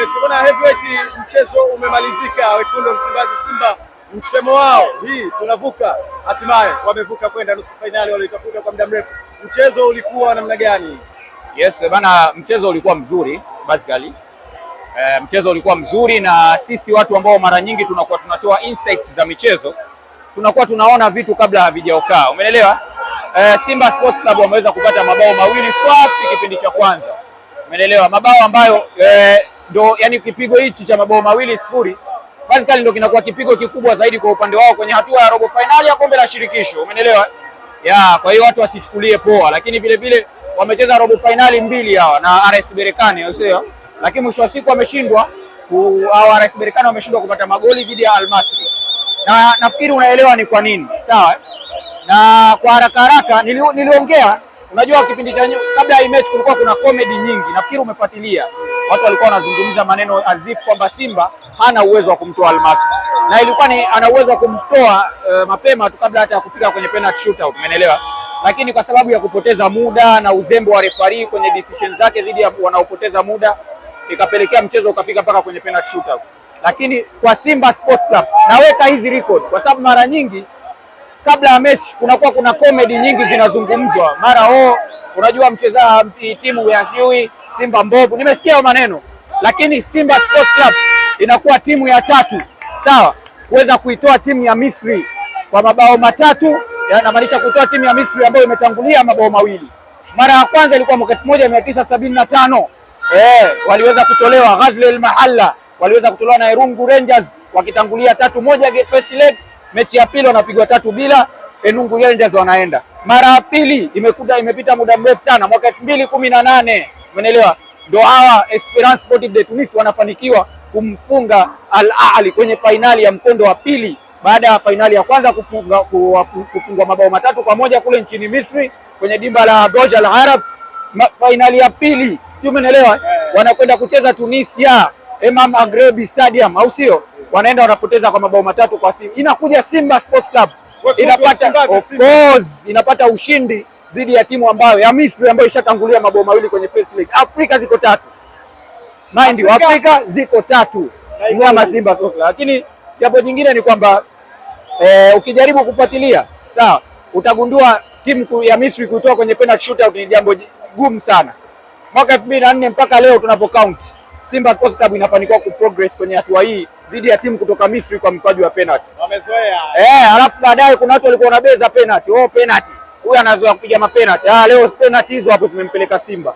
Yes, Heavyweight, mchezo umemalizika. Wekundu Msimbazi Simba msemo wao hii tunavuka, hatimaye wamevuka kwenda nusu finali walioitafuta kwa muda mrefu. Mchezo ulikuwa namna gani? Yes bana, mchezo ulikuwa mzuri basically. E, mchezo ulikuwa mzuri na sisi watu ambao mara nyingi tunakuwa tunatoa insights za michezo tunakuwa tunaona vitu kabla havijaokaa, umeelewa? E, Simba Sports Club wameweza kupata mabao mawili swap kipindi cha kwanza, umeelewa? Mabao ambayo e, ndo yani kipigo hichi cha mabao mawili sifuri basically ndo kinakuwa kipigo kikubwa zaidi kwa upande wao kwenye hatua ya robo fainali ya kombe la shirikisho, umeelewa? Ya, kwa hiyo watu wasichukulie poa, lakini vile vile wamecheza robo fainali mbili hawa na RS Berkane, sio? Lakini mwisho wa siku wameshindwa hawa RS Berkane wameshindwa kupata magoli dhidi ya Almasri. na nafikiri unaelewa ni kwa nini, sawa? Na kwa haraka haraka niliongea, unajua kipindi cha kabla ya mechi kulikuwa kuna comedy nyingi, nafikiri umefuatilia watu walikuwa wanazungumza maneno azif kwamba Simba hana uwezo wa kumtoa Almasi, na ilikuwa ni ana uwezo wa kumtoa uh, mapema tu kabla hata ya kufika kwenye penalty shootout, umeelewa? Lakini kwa sababu ya kupoteza muda na uzembe wa refari kwenye decision zake dhidi ya wanaopoteza muda, ikapelekea mchezo ukafika mpaka kwenye penalty shootout. Lakini kwa Simba Sports Club naweka hizi record kwa sababu mara nyingi kabla ya mechi kunakuwa kuna comedy nyingi zinazungumzwa, mara oh, unajua mchezaji eh, timu yasijui Simba mbovu, nimesikia maneno, lakini Simba Sports Club inakuwa timu ya tatu sawa, kuweza kuitoa timu ya Misri kwa mabao matatu, yanamaanisha kutoa timu ya Misri ambayo imetangulia mabao mawili. Mara ya kwanza ilikuwa mwaka elfu moja mia tisa sabini na tano eh, waliweza kutolewa Ghazl El Mahalla, waliweza kutolewa na Erungu Rangers wakitangulia tatu moja first leg. Mechi ya pili wanapigwa tatu bila, Erungu Rangers wanaenda. Mara ya pili imekuja, imepita muda mrefu sana, mwaka elfu mbili kumi na nane Umeelewa? Ndio hawa Esperance Sportive de Tunis wanafanikiwa kumfunga Al Ahly kwenye fainali ya mkondo wa pili baada ya fainali ya kwanza kufungwa mabao matatu kwa moja kule nchini Misri kwenye dimba la Burj Al Arab. Fainali ya pili, si umeelewa? Wanakwenda kucheza Tunisia Imam Agrebi Stadium, au sio? Wanaenda wanapoteza kwa mabao matatu kwa simu. Inakuja Simba Sports Club inapata, of course, inapata ushindi dhidi ya timu ambayo ya Misri ambayo ishatangulia mabao mawili kwenye first leg. Afrika ziko tatu, mind you, Afrika ziko tatu mnyama Simba Sports Club. Lakini jambo jingine ni kwamba e, ukijaribu kufuatilia sawa, utagundua timu ya Misri kutoa kwenye penalty shootout ni jambo gumu sana. Mwaka 2004 mpaka leo tunapo count Simba Sports Club inafanikiwa ku progress kwenye hatua hii dhidi ya timu kutoka Misri kwa mkwaju wa penalty. Wamezoea. Eh, alafu baadaye kuna watu walikuwa wanabeza penalty. Oh, penalty huyu anaweza kupiga mapenalty. Ah, leo penalty hizo hapo zimempeleka Simba.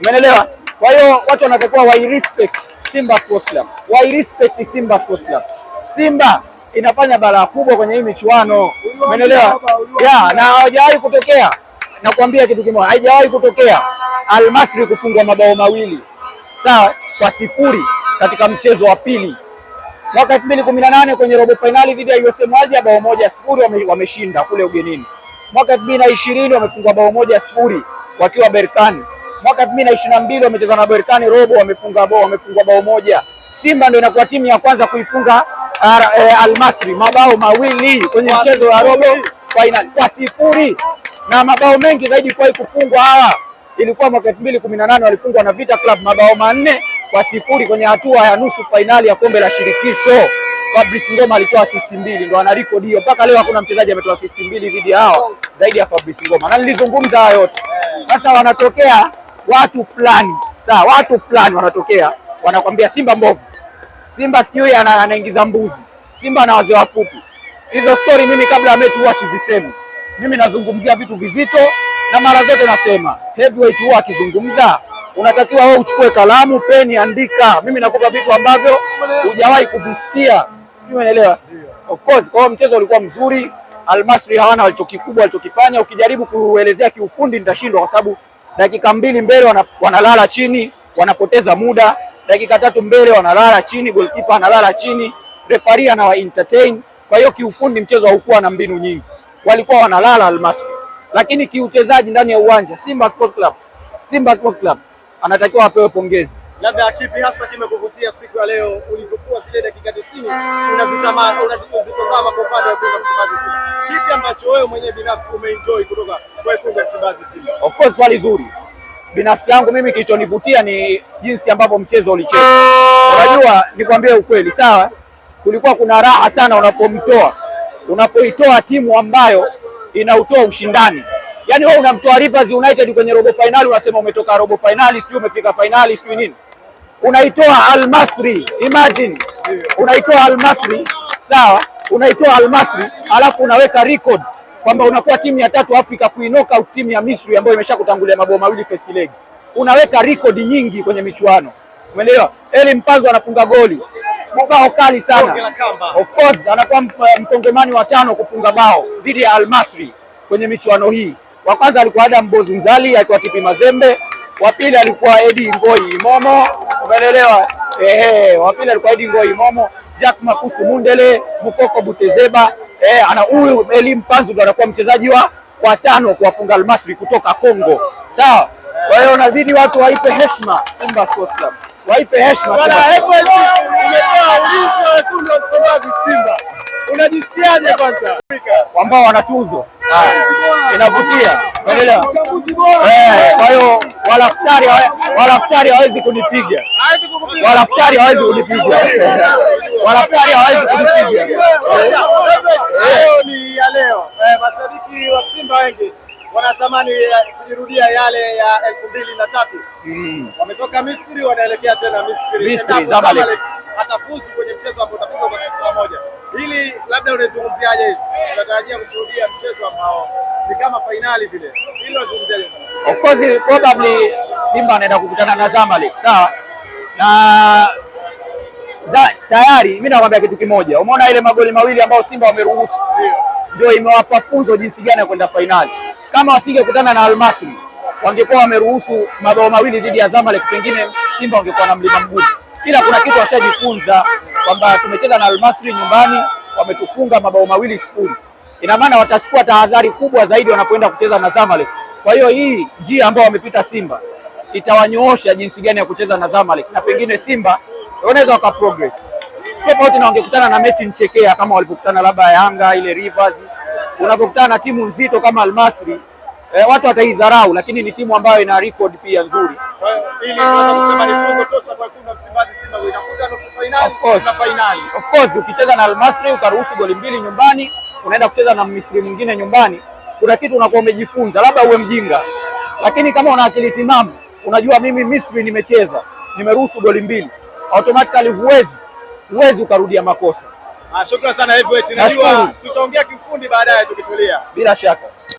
Umeelewa? Kwa hiyo watu wanatakiwa wa respect Simba Sports Club. Wa respect Simba Sports Club. Simba inafanya balaa kubwa kwenye hii michuano. Umeelewa? ya na hawajawahi kutokea. Nakwambia kitu kimoja, haijawahi kutokea Almasri kufungwa mabao mawili sawa kwa sifuri katika mchezo wa pili mwaka 2018 kwenye robo fainali dhidi ya USM Alger, bao moja sifuri wameshinda wame kule ugenini mwaka elfu mbili na ishirini wamefungwa bao moja sifuri wakiwa Berkane. Mwaka elfu mbili na ishirini na mbili wamecheza na Berkane robo, wamefunga bao wamefungwa bao moja. Simba ndio inakuwa timu ya kwanza kuifunga e, Almasri mabao mawili kwenye mchezo wa robo fainali kwa sifuri na mabao mengi zaidi kuwahi kufungwa hawa ilikuwa mwaka elfu mbili kumi na nane walifungwa na Vita Club mabao manne kwa sifuri kwenye hatua ya nusu fainali ya kombe la shirikisho. Fabrice Ngoma alitoa assist mbili, ndo ana record hiyo mpaka leo. Hakuna mchezaji ametoa assist mbili dhidi ya hao zaidi ya Fabrice Ngoma, na nilizungumza hayo yote. Sasa wanatokea watu fulani, sawa, watu fulani wanatokea wanakwambia Simba mbovu, Simba sijui anaingiza mbuzi, Simba na wazee wafupi. Hizo story mimi kabla ya mechi huwa sizisemi. Mimi nazungumzia vitu vizito, na mara zote nasema Heavyweight huwa akizungumza unatakiwa wewe uchukue kalamu, peni, andika. Mimi nakupa vitu ambavyo hujawahi kuvisikia sio, unaelewa. Of course kwa mchezo ulikuwa mzuri. Almasri hawana walicho kikubwa walichokifanya, ukijaribu kuelezea kiufundi nitashindwa, kwa sababu dakika mbili mbele wana, wanalala chini wanapoteza muda, dakika tatu mbele wanalala chini, goalkeeper analala chini, refari anawa entertain. Kwa hiyo kiufundi mchezo haukuwa na mbinu nyingi, walikuwa wanalala Almasri, lakini kiuchezaji ndani ya uwanja Simba Sports Club, Simba Sports Club anatakiwa apewe pongezi labda kipi hasa kimekuvutia siku ya leo ulivyokuwa zile dakika 90 unazitamani unazitazama kwa upande wa Wekundu wa Msimbazi Simba? Kipi ambacho wewe mwenyewe binafsi umeenjoy kutoka kwa Wekundu wa Msimbazi Simba? Of course swali zuri. Binafsi yangu mimi kilichonivutia ni jinsi ambavyo mchezo ulichezwa. Unajua, nikwambie ukweli, sawa, kulikuwa kuna raha sana unapomtoa unapoitoa timu ambayo inautoa ushindani yaani wewe unamtoa Rivers United kwenye robo finali, unasema umetoka robo finali, sijui umefika finali, sijui nini unaitoa Almasri, imagine unaitoa Almasri, sawa, unaitoa Almasri alafu unaweka record kwamba unakuwa timu ya tatu Afrika kuinoka out timu ya Misri ambayo imeshakutangulia mabao mawili first leg. Unaweka record nyingi kwenye michuano, umeelewa? Eli Mpanzo anafunga goli bao kali sana, of course anakuwa eh, mkongomani wa tano kufunga bao dhidi ya Almasri kwenye michuano hii. Wa kwanza alikuwa Adam Bozunzali akiwa TP Mazembe, wa pili alikuwa Edi Ngoi Momo umeelewa? Ehe, wapili alikuwa Edi Ngoi Momo, Jack Makusu Mundele, Mukoko Butezeba. Ehe, ana huyu Eli Mpanzu ndo anakuwa mchezaji wa wa tano kuwafunga Almasri kutoka Kongo, sawa. Kwa hiyo inabidi watu waipe heshima Simba Sports Club, waipe heshima ambao wanatuzwa Ah, inavutia, unaelewa? Eh, kwa hiyo walaftari walaftari hawezi kunipiga, walaftari hawezi kunipiga, walaftari hawezi kunipiga. Leo ni ya leo, eh, mashabiki wa Simba wengi wanatamani eh, kujirudia yale ya elfu mbili na tatu. Mm. Wametoka Misri, wanaelekea tena Misri. Atafuzu kwenye mchezo ambao utapigwa kwa sita moja. Hili labda unazungumziaje hili? kushuhudia mchezo ambao ni kama fainali vile. Hili unazungumziaje? Of course probably Simba anaenda kukutana na Zamalek, sawa? Na za, tayari mimi nakwambia kitu kimoja. Umeona ile magoli mawili ambayo Simba wameruhusu. Ndio imewapa funzo jinsi gani ya kwenda fainali. Kama wasingekutana na Al wangekuwa wameruhusu mabao mawili dhidi ya Zamalek, pengine Simba wangekuwa na mlima mgumu, ila kuna kitu washajifunza kwamba tumecheza na Almasri nyumbani, wametufunga mabao mawili sifuri. Ina maana watachukua tahadhari kubwa zaidi wanapoenda kucheza na Zamalek. Kwa hiyo hii njia ambayo wamepita Simba itawanyoosha jinsi gani ya kucheza na Zamalek, na pengine Simba wanaweza waka progress tofauti na wangekutana na mechi nchekea kama walivyokutana labda Yanga ile Rivers. Unapokutana na timu nzito kama Almasri eh, watu wataidharau, lakini ni timu ambayo ina record pia nzuri. Of course ukicheza na Almasri ukaruhusu goli mbili nyumbani, unaenda kucheza na Misri mwingine nyumbani, kuna kitu unakuwa umejifunza, labda uwe mjinga, lakini kama una akili timamu unajua mimi Misri nimecheza, nimeruhusu goli mbili, automatically huwezi huwezi ukarudia makosa. Ah, shukrani sana Heavyweight. Najua tutaongea kiufundi baadaye tukitulia. Bila shaka.